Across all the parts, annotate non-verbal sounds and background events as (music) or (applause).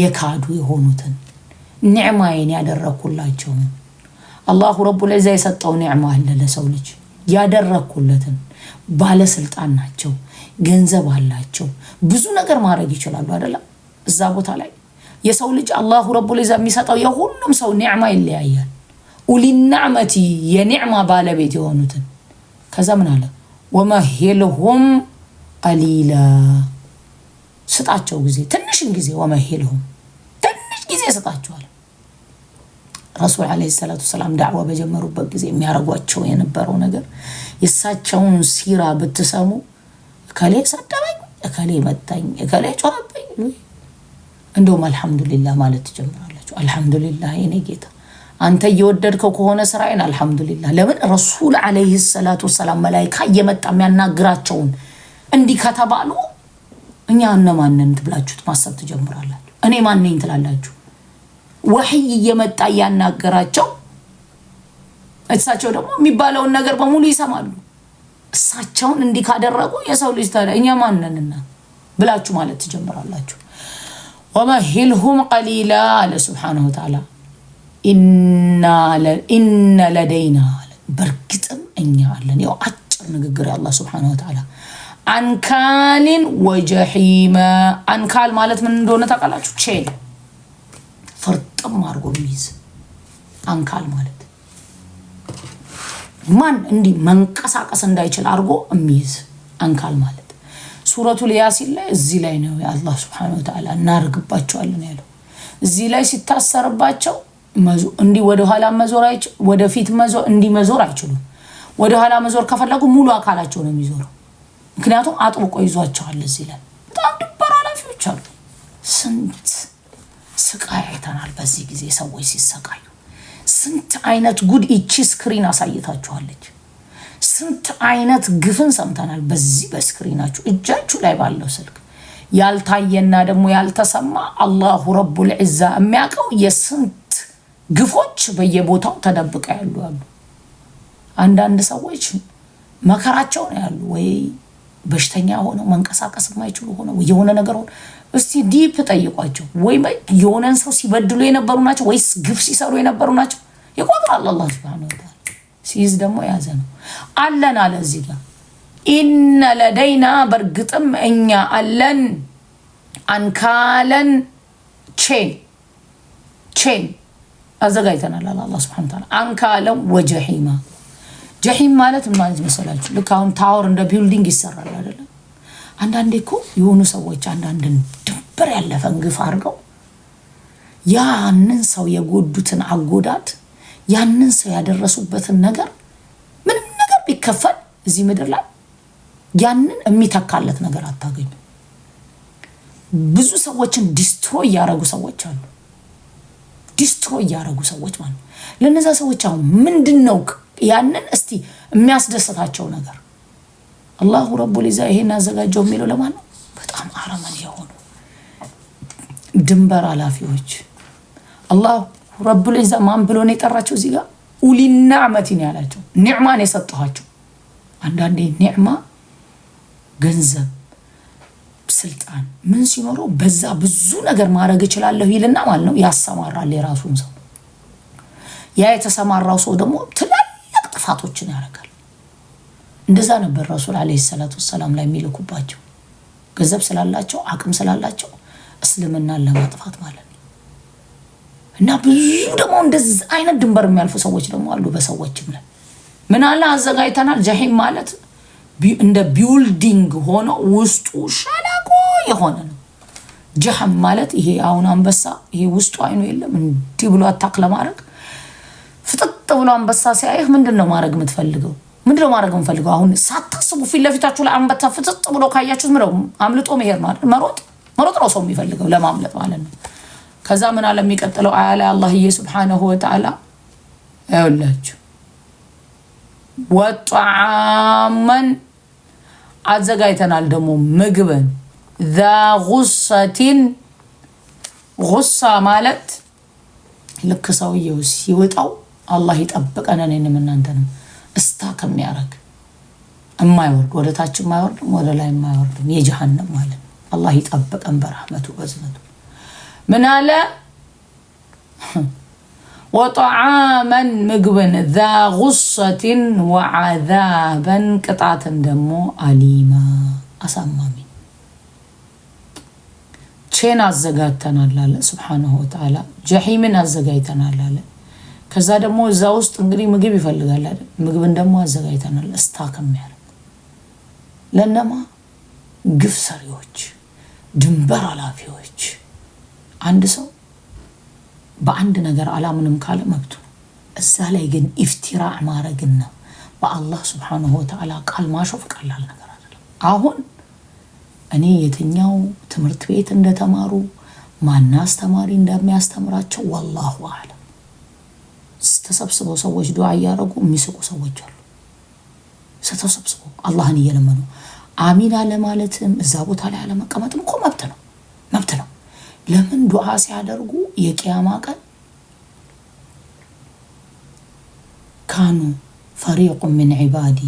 የካዱ የሆኑትን ኒዕማዬን ያደረግኩላቸውን አላሁ ረቡ ለዛ የሰጠው ኒዕማ አለ ለሰው ልጅ ያደረግኩለትን። ባለስልጣን ናቸው፣ ገንዘብ አላቸው፣ ብዙ ነገር ማድረግ ይችላሉ። አይደለም እዛ ቦታ ላይ የሰው ልጅ አላሁ ረቡ ዒዛ የሚሰጠው የሁሉም ሰው ኒዕማ ይለያያል። ኡሊናዕመቲ የኒዕማ ባለቤት የሆኑትን ከዛ ምን አለ ወመሄልሁም ቀሊላ ስጣቸው ጊዜ ትንሽን ጊዜ ወመሄልሁም ትንሽ ጊዜ ስጣቸዋል። ረሱል ዓለይሂ ሰላቱ ሰላም ዳዕዋ በጀመሩበት ጊዜ የሚያረጓቸው የነበረው ነገር የእሳቸውን ሲራ ብትሰሙ እከሌ ሰደበኝ፣ እከሌ መታኝ፣ እከሌ ጮኸብኝ፣ እንደውም አልሐምዱሊላህ ማለት ትጀምራላችሁ። አልሐምዱሊላህ የኔ ጌታ አንተ እየወደድከው ከሆነ ስራዬን አልሐምዱሊላህ። ለምን ረሱል ዓለይሂ ሰላቱ ሰላም መላይካ እየመጣ የሚያናግራቸውን እንዲህ ከተባሉ እኛ እነማንን ትብላችሁት ማሰብ ትጀምራላችሁ። እኔ ማን ትላላችሁ። ወህይ እየመጣ እያናገራቸው እሳቸው ደግሞ የሚባለውን ነገር በሙሉ ይሰማሉ። እሳቸውን እንዲህ ካደረጉ የሰው ልጅ ታዲያ እኛ ማንንና ብላችሁ ማለት ትጀምራላችሁ። ወመሂልሁም ቀሊላ አለ ስብሓነሁ ወተዓላ። ኢነ ለደይና አለ በእርግጥም እኛ አለን። ያው አጭር ንግግር የአላህ ስብሓነሁ ወተዓላ አንካሊን ወጀሒማ አንካል ማለት ምን እንደሆነ ታውቃላችሁ? ቼል ፍርጥም አድርጎ የሚይዝ አንካል ማለት ማን እንዲህ መንቀሳቀስ እንዳይችል አድርጎ የሚይዝ አንካል ማለት ሱረቱል ያሲን ላይ እዚህ ላይ ነው አላህ ሱብሓነሁ ወተዓላ እናርግባቸዋለን ያለው። እዚህ ላይ ሲታሰርባቸው እንዲህ ወደኋላ መዞር ወደፊት መዞር እንዲህ መዞር አይችሉም። ወደኋላ መዞር ከፈለጉ ሙሉ አካላቸው ነው የሚዞረው ምክንያቱም አጥብቆ ይዟቸዋል። እዚህ ላይ በጣም ድበር ኃላፊዎች አሉ። ስንት ስቃይ አይተናል። በዚህ ጊዜ ሰዎች ሲሰቃዩ ስንት አይነት ጉድ ይቺ ስክሪን አሳይታችኋለች። ስንት አይነት ግፍን ሰምተናል። በዚህ በስክሪናችሁ እጃችሁ ላይ ባለው ስልክ ያልታየና ደግሞ ያልተሰማ አላሁ ረቡል ዒዛ የሚያውቀው የስንት ግፎች በየቦታው ተደብቀ ያሉ ያሉ አንዳንድ ሰዎች መከራቸው ነው ያሉ ወይ በሽተኛ ሆነው መንቀሳቀስ የማይችሉ ሆነው የሆነ ነገር ሆነ እስቲ ዲፕ ጠይቋቸው። ወይ የሆነን ሰው ሲበድሉ የነበሩ ናቸው ወይስ ግፍ ሲሰሩ የነበሩ ናቸው? ይቆጥራል አላህ ሱብሃነሁ ወተዓላ ሲይዝ ደግሞ የያዘ ነው አለን አለ እዚህ ጋር ኢነ ለደይና በእርግጥም እኛ አለን አንካለን ቼን ቼን አዘጋጅተናል አለ አላህ ሱብሃነሁ ወተዓላ አንካለን ወጀሒማ ጀሒም ማለት ምን ማለት መሰላችሁ? ልክ አሁን ታወር እንደ ቢልዲንግ ይሰራል አይደለም። አንዳንዴ እኮ የሆኑ ሰዎች አንዳንድን ድንበር ያለፈን ግፍ አድርገው ያንን ሰው የጎዱትን አጎዳት ያንን ሰው ያደረሱበትን ነገር ምንም ነገር ቢከፈል እዚህ ምድር ላይ ያንን የሚተካለት ነገር አታገኙ። ብዙ ሰዎችን ዲስትሮይ እያደረጉ ሰዎች አሉ። ዲስትሮይ እያደረጉ ሰዎች ማለት ለነዛ ሰዎች አሁን ምንድን ነው ያንን እስቲ የሚያስደስታቸው ነገር አላሁ ረቡ ሊዛ ይሄን ያዘጋጀው የሚለው ለማን ነው? በጣም አረመን የሆኑ ድንበር ኃላፊዎች አላሁ ረቡ ሊዛ ማን ብሎ ነው የጠራቸው? እዚህ ጋር ኡሊናዕመቲን ያላቸው ኒዕማን የሰጠኋቸው። አንዳንዴ ኒዕማ ገንዘብ፣ ስልጣን ምን ሲኖረው በዛ ብዙ ነገር ማድረግ እችላለሁ ይልና ማለት ነው ያሰማራል የራሱን ሰው ያ የተሰማራው ሰው ደግሞ ጥፋቶችን ያደርጋል። እንደዛ ነበር ረሱል አለይሂ ሰላቱ ወሰላም ላይ የሚልኩባቸው ገንዘብ ስላላቸው አቅም ስላላቸው እስልምናን ለማጥፋት ማለት ነው። እና ብዙ ደግሞ እንደዚ አይነት ድንበር የሚያልፉ ሰዎች ደግሞ አሉ። በሰዎችም ላይ ምን አለ አዘጋጅተናል። ጀሂም ማለት እንደ ቢውልዲንግ ሆኖ ውስጡ ሸለቆ የሆነ ነው። ጀሃም ማለት ይሄ አሁን አንበሳ ይሄ ውስጡ አይኑ የለም እንዲህ ብሎ አታክ ለማድረግ ፍጥጥ ብሎ አንበሳ ሲያየህ ምንድን ነው ማድረግ የምትፈልገው? ምንድን ነው ማድረግ የምፈልገው? አሁን ሳታስቡ ፊት ለፊታችሁ ላይ አንበሳ ፍጥጥ ብሎ ካያችሁት ምነው አምልጦ መሄድ ነው አይደል? መሮጥ መሮጥ ነው ሰው የሚፈልገው ለማምለጥ ማለት ነው። ከዛ ምን አለ የሚቀጥለው አያ ላይ አላህዬ ሱብሓነሁ ወተዓላ ይኸውላችሁ ወጣዓመን አዘጋጅተናል ደግሞ ምግብን ዛ ጉሰቲን ጉሳ ማለት ልክ ሰውየው ሲወጣው አላህ ይጠብቀን እኔንም እናንተንም እስታ ከሚያረግ የማይወርድ ወደ ታች የማይወርድም ወደ ላይ የማይወርድም የጀሃነም ማለት አላህ ይጠብቀን በረህመቱ በዝነቱ። ምን አለ ወጠዓመን ምግብን ዛ ጉሰትን ወዓዛበን ቅጣትን ደግሞ አሊማ አሳማሚ ቼን አዘጋጅተናል አለ ስብሓነሁ ወተዓላ። ጀሒምን አዘጋጅተናል አለ ከዛ ደግሞ እዛ ውስጥ እንግዲህ ምግብ ይፈልጋል አይደል? ምግብን ደግሞ አዘጋጅተናል። እስታክ የሚያደርግ ለእነማ ግፍ ሰሪዎች፣ ድንበር አላፊዎች። አንድ ሰው በአንድ ነገር አላምንም ካለ መብቱ ነው። እዛ ላይ ግን ኢፍቲራዕ ማድረግና በአላህ ስብሓንሁ ወተዓላ ቃል ማሾፍ ቀላል ነገር አይደለም። አሁን እኔ የትኛው ትምህርት ቤት እንደተማሩ ማን አስተማሪ እንደሚያስተምራቸው ወላሁ አለም ተሰብስበው ሰዎች ዱዓ እያደረጉ የሚስቁ ሰዎች አሉ። ተሰብስበው አላህን እየለመኑ አሚን አለማለትም እዛ ቦታ ላይ አለመቀመጥም እኮ መብት ነው፣ መብት ነው። ለምን ዱዓ ሲያደርጉ የቅያማ ቀን ካኑ ፈሪቁ ምን ዒባዲ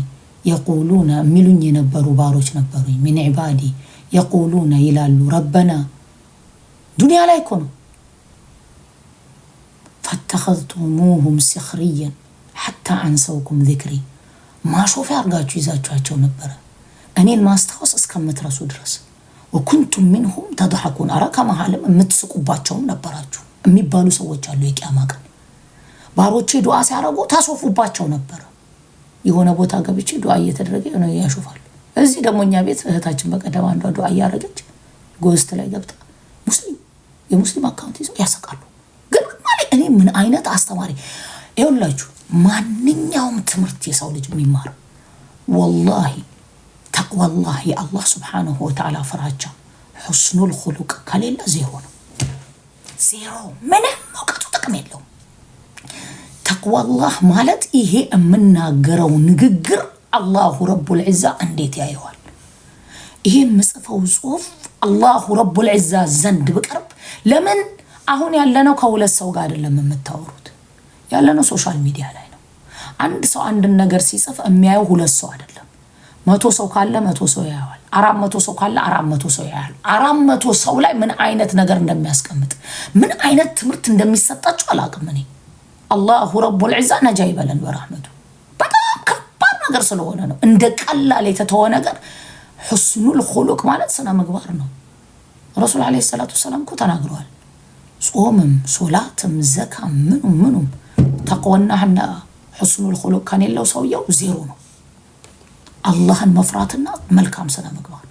የቁሉና የሚሉኝ የነበሩ ባሮች ነበሩኝ። ምን ዒባዲ የቁሉና ይላሉ ረበና ዱንያ ላይ እኮ ነው ፈኸዝቱሙሁም ሲኽርየን ሐታ አንሰውኩም ዚክሪ ማሾፊያ አድርጋችሁ ይዛችኋቸው ነበረ እኔን ማስታወስ እስከምትረሱ ድረስ ወኩንቱም ሚንሁም ተድሐኩን አረ ከመሀልም የምትስቁባቸውም ነበራችሁ የሚባሉ ሰዎች አሉ። የቂያማ ቀን ባሮቼ ዱዓ ሲያረጉ ታሾፉባቸው ነበረ። የሆነ ቦታ ገብቼ ዱዓ እየተደረገ የሆነ ያሾፋሉ። እዚህ ደግሞ እኛ ቤት እህታችን በቀደም አንዷ ዱዓ እያረገች ጎስት ላይ ገብታ ሙስሊም የሙስሊም አካውንት ይዘው ያሰቃሉ። እኔ ምን አይነት አስተማሪ ይኸውላችሁ፣ ማንኛውም ትምህርት የሰው ልጅ የሚማር? ወላሂ ተቅዋላህ የአላህ ስብሓንሁ ወተዓላ ፍራቻ ሑስኑል ኹሉቅ ከሌለ ዜሮ ነው። ዜሮ ምንም እውቀቱ ጥቅም የለውም። ተቅዋላህ ማለት ይሄ የምናገረው ንግግር አላሁ ረቡል ዒዛ እንዴት ያየዋል? ይሄ የምጽፈው ጽሁፍ አላሁ ረቡል ዒዛ ዘንድ ብቀርብ ለምን አሁን ያለነው ከሁለት ሰው ጋር አይደለም የምታወሩት፣ ያለነው ሶሻል ሚዲያ ላይ ነው። አንድ ሰው አንድን ነገር ሲጽፍ የሚያየው ሁለት ሰው አይደለም። መቶ ሰው ካለ መቶ ሰው ያያዋል። አራት መቶ ሰው ካለ አራት መቶ ሰው ያያል። አራት መቶ ሰው ላይ ምን አይነት ነገር እንደሚያስቀምጥ ምን አይነት ትምህርት እንደሚሰጣቸው አላቅም እኔ አላሁ ረቡል ዒዛ ነጃ ይበለን በራህመቱ። በጣም ከባድ ነገር ስለሆነ ነው እንደ ቀላል የተተወ ነገር። ሑስኑል ኹሉቅ ማለት ስነ ምግባር ነው። ረሱል ዓለይሂ ሰላቱ ወሰላም እኮ ተናግረዋል። ጾምም ሶላትም ዘካም ምኑም ምኑም ተቆና ና ሕስኑል ኹሉቅ ከሌለው ሰውየው ዜሮ ነው። አላህን መፍራትና መልካም ስነ ምግባር፣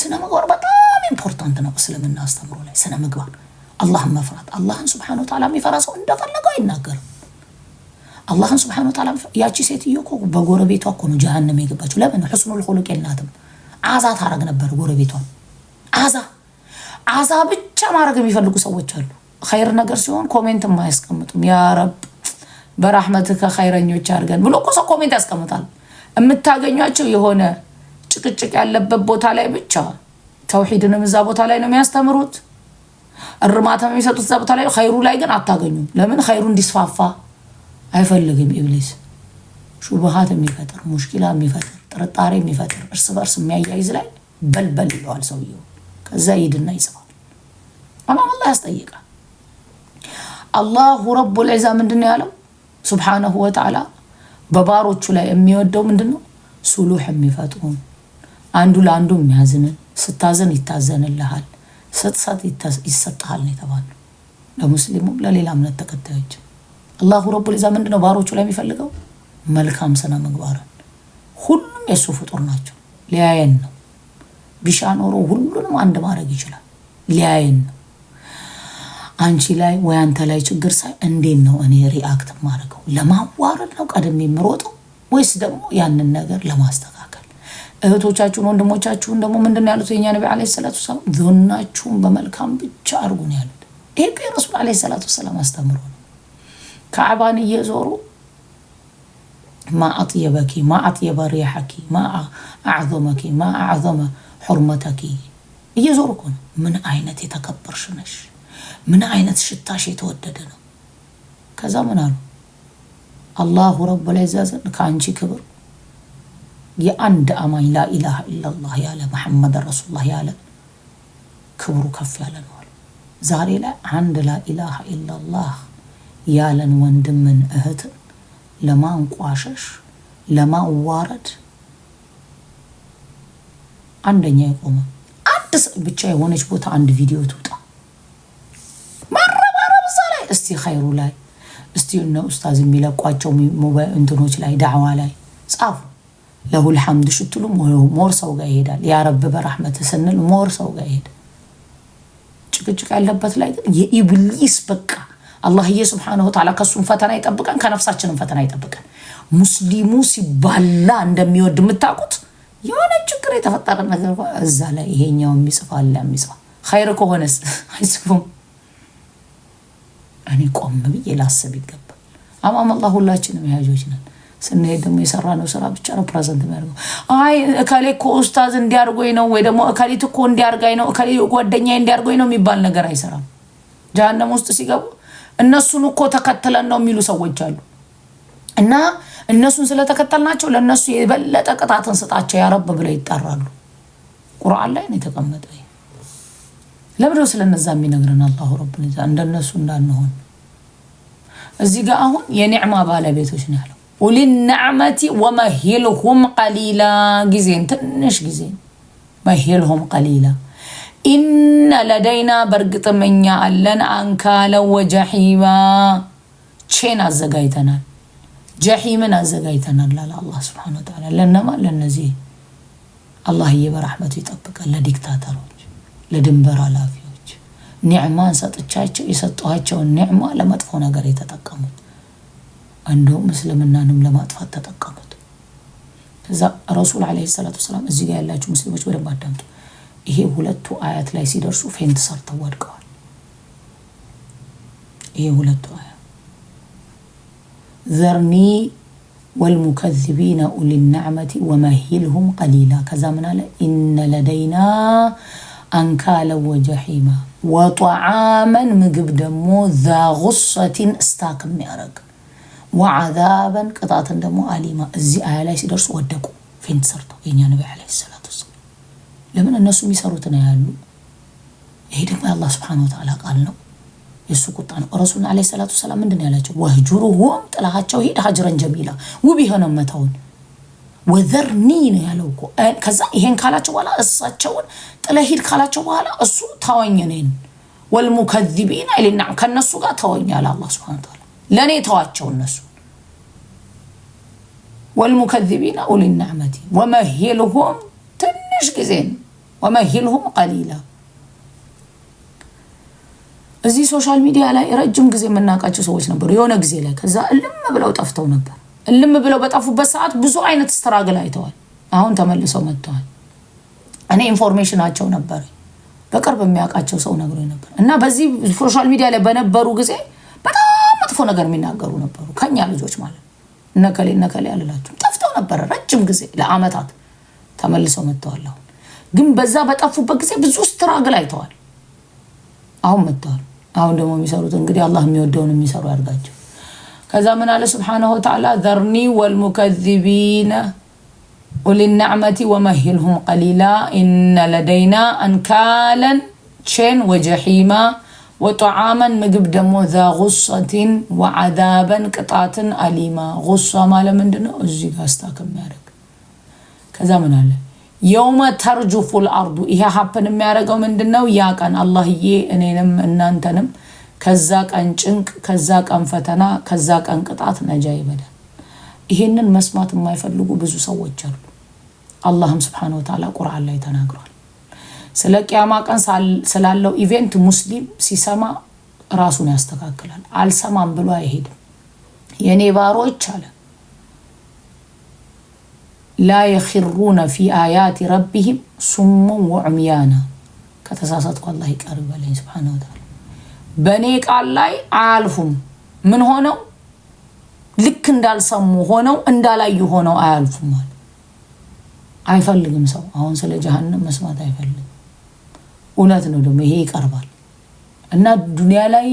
ስነ ምግባር በጣም ኢምፖርታንት ነው። እስልምና አስተምሮ ላይ ስነ ምግባር፣ አላህን መፍራት። አላህን ስብሓነ ወተዓላ የሚፈራ ሰው እንደፈለገው አይናገርም። አላህን ስብሓነ ወተዓላ ያቺ ሴትዮ እኮ በጎረቤቷ እኮ ነው ጀሃነም የገባችው። ለምን ሕስኑል ኹሉቅ የላትም። አዛ ታረግ ነበር ጎረቤቷን። አዛ አዛ ብቻ ማድረግ የሚፈልጉ ሰዎች አሉ። ኸይር ነገር ሲሆን ኮሜንትም አያስቀምጡም። ያ ረብ በራህመትህ ከኸይረኞች አድርገን ብሎ እኮ ሰው ኮሜንት ያስቀምጣል። የምታገኟቸው የሆነ ጭቅጭቅ ያለበት ቦታ ላይ ብቻ ተውሂድንም እዛ ቦታ ላይ ነው የሚያስተምሩት። እርማታም የሚሰጡት እዛ ቦታ ላይ፣ ኸይሩ ላይ ግን አታገኙም። ለምን ኸይሩ እንዲስፋፋ አይፈልግም ኢብሊስ። ሹብሃት የሚፈጥር ሙሽኪላ የሚፈጥር ጥርጣሬ የሚፈጥር እርስ በርስ የሚያያይዝ ላይ በልበል ይለዋል ሰውየው። ከዛ ይድና ይጽፋል። አማም አላህ ያስጠይቃል። አላሁ ረቡል ዒዛ ምንድን ነው ያለው? ሱብሓነሁ ወተዓላ በባሮቹ ላይ የሚወደው ምንድን ነው? ሱሉሕ የሚፈጥሩን አንዱ ለአንዱ የሚያዝንን፣ ስታዘን ይታዘንልሃል፣ ስትሰጥ ይሰጥሃል ነው የተባለው። ለሙስሊሙም ለሌላ እምነት ተከታዮች አላሁ ረቡል ዒዛ ምንድን ነው ባሮቹ ላይ የሚፈልገው? መልካም ስነ ምግባርን። ሁሉም የእሱ ፍጡር ናቸው። ሊያየን ነው። ቢሻ ኖሮ ሁሉንም አንድ ማድረግ ይችላል። ሊያየን ነው። አንቺ ላይ ወይ አንተ ላይ ችግር ሳይ እንዴት ነው እኔ ሪአክት ማድረገው? ለማዋረድ ነው ቀደም የምሮጠው ወይስ ደግሞ ያንን ነገር ለማስተካከል? እህቶቻችሁን ወንድሞቻችሁን ደግሞ ምንድን ያሉት የኛ ነቢ ዓለይሂ ሰላቱ ሰላም ዞናችሁን በመልካም ብቻ አድርጉ ያሉት። ይሄ እኮ የረሱል ዓለይሂ ሰላቱ ሰላም አስተምሮ ነው። ከዕባን እየዞሩ ማ አጥየበኪ ማ አጥየበ ሪሐኪ ማ አዕዘመኪ ማ አዕዘመ ሑርመተኪ እየዞሩ እኮ ነው። ምን አይነት የተከበርሽ ነሽ ምን አይነት ሽታሽ የተወደደ ነው። ከዛ ምን አሉ አላሁ ረቡል ዒዛ ዘንድ ከአንቺ ክብር የአንድ አማኝ ላኢላሃ ኢላላህ ያለ መሐመድ ረሱሉላህ ያለ ክብሩ ከፍ ያለ ነው አሉ። ዛሬ ላይ አንድ ላኢላሃ ኢላላህ ያለን ወንድምን እህትን ለማንቋሸሽ ለማዋረድ አንደኛ የቆመ አንድ ብቻ የሆነች ቦታ አንድ ቪዲዮ ትውጣ እስቲ ኸይሩ ላይ እስቲ እነ ኡስታዝ የሚለቋቸው እንትኖች ላይ ዳዕዋ ላይ ጻፉ። ለሁል ሐምድ ሽትሉ ሞር ሰው ጋር ይሄዳል። ያ ረብ በራህመት ስንል ሞር ሰው ጋር ይሄዳል። ጭቅጭቅ ያለበት ላይ ግን የኢብሊስ በቃ አላህዬ ስብሓነሁ ወተዓላ ከእሱም ፈተና ይጠብቀን፣ ከነፍሳችንም ፈተና ይጠብቀን። ሙስሊሙ ሲባላ እንደሚወድ የምታውቁት የሆነ ችግር የተፈጠረ ነገር እዛ ላይ ይሄኛው የሚጽፋ አለ የሚጽፋ ኸይር ከሆነስ አይጽፉም። እኔ ቆም ብዬ ላስብ ይገባል። አማም አላ ሁላችንም ያዦች ነን። ስንሄድ ደግሞ የሰራነው ስራ ብቻ ነው ፕራዘንት የሚያደርገው። አይ እከሌ እኮ ኡስታዝ እንዲያርጎኝ ነው ወይ ደግሞ እከሌት እኮ እንዲያርጋኝ ነው እከሌ ጓደኛ እንዲያርጎኝ ነው የሚባል ነገር አይሰራም። ጀሀነም ውስጥ ሲገቡ እነሱን እኮ ተከትለን ነው የሚሉ ሰዎች አሉ። እና እነሱን ስለተከተልናቸው ለእነሱ የበለጠ ቅጣት እንስጣቸው ያረብ ብለው ይጠራሉ። ቁርአን ላይ ነው የተቀመጠ። ለምደው ስለነዛ የሚነግረን አላሁ ረቡል እንደነሱ እንዳንሆን። እዚህ ጋር አሁን የኒዕማ ባለቤቶች ነው ያለው ኡሊ ወመሂልሁም ቀሊላ ጊዜን ትንሽ ጊዜ መሂልሁም ቀሊላ ኢነ ለደይና በእርግጥም እኛ አለን አንካለ ወጀሒማ ቼን አዘጋጅተናል፣ ጀሒምን አዘጋጅተናል አለ አላህ ስብሓነሁ ወተዓላ። ለነማ ለነዚህ አላህዬ በረሕመቱ ይጠብቃል ለዲክታተሮች ለድንበር ኃላፊዎች ኒዕማን ሰጥቻቸው የሰጠኋቸውን ኒዕማ ለመጥፎ ነገር የተጠቀሙት እንደውም እስልምናንም ለማጥፋት ተጠቀሙት። ከዛ ረሱል ዓለይሂ ሰላቱ ወሰላም እዚህ ጋር ያላችሁ ሙስሊሞች በደንብ አዳምጡ። ይሄ ሁለቱ አያት ላይ ሲደርሱ ፌንት ሰርተው ወድቀዋል። ይሄ ሁለቱ አያ ዘርኒ ወልሙከዚቢነ ኡሊ ኡሊናዕመቲ ወመሂልሁም ቀሊላ። ከዛ ምን አለ ኢነ ለደይና አንካለ ወጀሒማ ወጠዓመን ምግብ ደግሞ ዛ ጉሰቲን እስታክ የሚያደርግ ወዓዛበን ቅጣትን ደግሞ አሊማ። እዚህ አያ ላይ ሲደርሱ ወደቁ፣ ፌንት ሰርተው የኛ ነቢ ዓለይሂ ሰላቱ ለምን እነሱ የሚሰሩት ነው ያሉ። ይሄ ደግሞ የአላህ ስብሓነሁ ወተዓላ ቃል ነው፣ የእሱ ቁጣ ነው። ረሱልና ዓለይሂ ሰላቱ ወሰላም ምንድን ነው ያላቸው? ወህጁሩሁም ጥላሃቸው ሂድ ሀጅረን ጀሚላ ውብ የሆነ መተውን ወዘርኒ ነው ያለው እኮ። ከዛ ይሄን ካላቸው በኋላ እሳቸውን ጥለህ ካላቸው በኋላ እሱ ተወኝ እኔን ወልሙከዚቢን አይልና ከእነሱ ጋር ተወኝ አለ አላህ ሱብሓነሁ ወተዓላ። ለእኔ ተዋቸው እነሱ ወልሙከዚቢን ኡሊ ወመሂልሁም ትንሽ ጊዜ ወመሂልሁም ቀሊላ። እዚህ ሶሻል ሚዲያ ላይ ረጅም ጊዜ የምናውቃቸው ሰዎች ነበሩ የሆነ ጊዜ ላይ ከዛ እልም ብለው ጠፍተው ነበር። እልም ብለው በጠፉበት ሰዓት ብዙ አይነት ስትራግል አይተዋል። አሁን ተመልሰው መጥተዋል። እኔ ኢንፎርሜሽናቸው ነበረ በቅርብ የሚያውቃቸው ሰው ነግሮ ነበር እና በዚህ ሶሻል ሚዲያ ላይ በነበሩ ጊዜ በጣም መጥፎ ነገር የሚናገሩ ነበሩ። ከኛ ልጆች ማለት እነከሌ እነከሌ አልላቸው ጠፍተው ነበረ ረጅም ጊዜ ለአመታት ተመልሰው መጥተዋል። አሁን ግን በዛ በጠፉበት ጊዜ ብዙ ስትራግል አይተዋል። አሁን መጥተዋል። አሁን ደግሞ የሚሰሩት እንግዲህ አላህ የሚወደውን የሚሰሩ ያድርጋቸው። ከዛ ምን አለ ስብሓነሁ ወተዓላ ዘርኒ ወልሙከዚቢነ ኡሊናዕመቲ ወመሂልሁም ቀሊላ ኢነ ለደይና አንካለን ቼን ወጀሒማ ወጠዓመን ምግብ ደግሞ ዛ ጉሰቲን ወዓዛበን ቅጣትን አሊማ። ጉሳ ማለት ምንድን ነው? እዚ ጋ ስታክ ከዛ ምን አለ የውመ ተርጁፉ ልአርዱ ይሄ ሀፕን የሚያደርገው ምንድን ነው? ያ ቀን አላህዬ እኔንም እናንተንም ከዛ ቀን ጭንቅ፣ ከዛ ቀን ፈተና፣ ከዛ ቀን ቅጣት ነጃ ይበላል። ይሄንን መስማት የማይፈልጉ ብዙ ሰዎች አሉ። አላህም ስብሓነ ወተዓላ ቁርአን ላይ ተናግሯል። ስለ ቅያማ ቀን ስላለው ኢቬንት ሙስሊም ሲሰማ ራሱን ያስተካክላል። አልሰማም ብሎ አይሄድም። የእኔ ባሮች አለ ላ የኪሩነ ፊ አያቲ ረቢሂም ሱሙን ወዑምያና ከተሳሳትኩ አላህ ይቅር በለኝ ስብሓነ ወተዓላ በእኔ ቃል ላይ አያልፉም። ምን ሆነው ልክ እንዳልሰሙ ሆነው እንዳላዩ ሆነው አያልፉም አለ። አይፈልግም ሰው አሁን ስለ ጀሀነም መስማት አይፈልግም። እውነት ነው ደግሞ ይሄ ይቀርባል እና ዱኒያ ላይ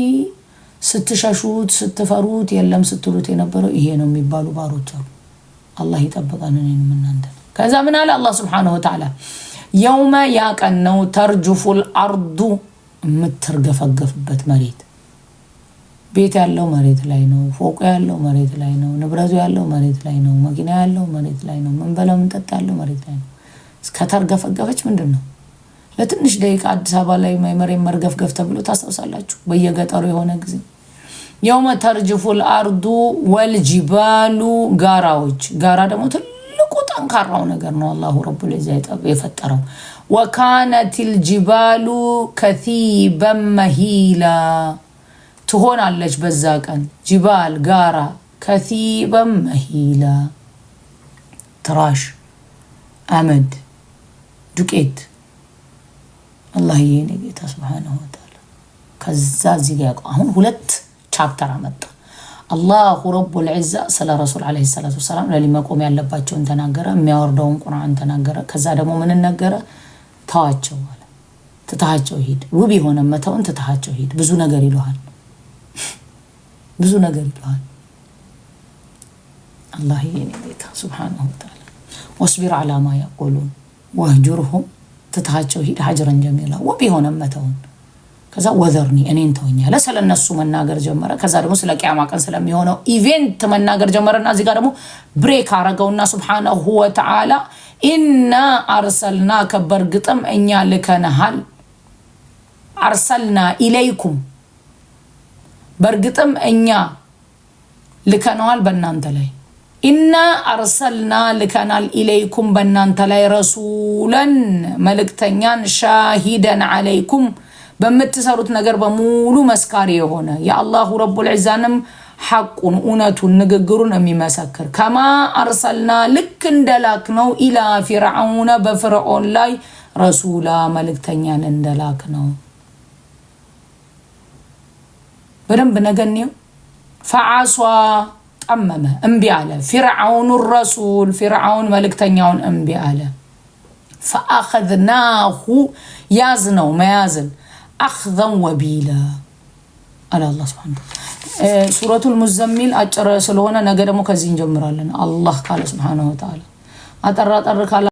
ስትሸሹት ስትፈሩት የለም ስትሉት የነበረው ይሄ ነው የሚባሉ ባሮች አሉ። አላህ ይጠብቀን እኔንም እናንተ። ከዛ ምን አለ አላህ ስብሓነሁ ወተዓላ የውመ ያቀን ነው ተርጅፉ ልአርዱ የምትርገፈገፍበት መሬት ቤት ያለው መሬት ላይ ነው። ፎቁ ያለው መሬት ላይ ነው። ንብረቱ ያለው መሬት ላይ ነው። መኪና ያለው መሬት ላይ ነው። ምንበላው ምንጠጣ ያለው መሬት ላይ ነው። እስከተርገፈገፈች ምንድን ነው ለትንሽ ደቂቃ አዲስ አበባ ላይ መሬት መርገፍገፍ ተብሎ ታስታውሳላችሁ? በየገጠሩ የሆነ ጊዜ የውመ ተርጅፉል አርዱ ወልጅባሉ ጋራዎች። ጋራ ደግሞ ትልቁ ጠንካራው ነገር ነው። አላሁ ረቡል ዛ የፈጠረው ወካነቲል ጅባሉ ከቲበን መሂላ ትሆናለች። በዛ ቀን ጅባል ጋራ ከቲበን መሂላ ትራሽ፣ አመድ፣ ዱቄት አላህዬ የኔ ጌታ ስብሓነሁ ወተዓላ። ከዛ እዚህ ያውቀ አሁን ሁለት ቻፕተር አመጣ። አላሁ ረቡል ዒዛ ስለ ረሱል ዓለይሂ ሰላቱ ወሰላም መቆም ያለባቸውን ተናገረ። የሚያወርደውን ቁርአን ተናገረ። ከዛ ደግሞ ምን ነገረ? ተዋቸው አለ። ትታሃቸው ሂድ። ውብ የሆነ መተውን ትታሃቸው ሂድ። ብዙ ነገር ይለሃል፣ (laughs) ብዙ ነገር ይለሃል። አላህ የኔ ጌታ ስብሓነሁ ወተዓላ ወስቢር ዓላ ማ ወህጁርሁም ትታሃቸው ሂድ ሀጅረን ጀሚላ ውብ የሆነ መተውን ከዛ ወዘርኒ እኔን ተወኝ አለ። ስለ እነሱ መናገር ጀመረ። ከዛ ደግሞ ስለ ቅያማ ቀን ስለሚሆነው ኢቬንት መናገር ጀመረና እዚህ ጋር ደግሞ ብሬክ አረገውና ስብሓነሁ ወተዓላ ኢና አርሰልና ከበር እኛ ልከንሃል አርሰልና ኢለይኩም በእርግጥም እኛ ልከነዋል በእናንተ ላይ ኢና አርሰልና ልከናል ኢለይኩም በእናንተ ላይ ረሱለን መልእክተኛን ሻሂደን አለይኩም በምትሰሩት ነገር በሙሉ መስካሪ የሆነ የአላሁ ረቡል ዒዛንም ሐቁን እውነቱን ንግግሩን የሚመሰክር ከማ አርሰልና ልክ እንደላክ ነው ኢላ ፊርዓውነ በፍርዖን ላይ ረሱላ መልእክተኛን እንደላክ ነው። በደንብ ነገኔው ፈዓሷ ጠመመ፣ እምቢ አለ። ፊርዓውኑ ረሱል ፊርዓውን መልእክተኛውን እምቢ አለ። ፈአኸዝናሁ ያዝ ነው መያዝን أخذا وبيلا على الله سبحانه وتعالى آه، سورة المزمل أجر سلونا نجد كزين جمرالنا الله قال سبحانه وتعالى أترى أترى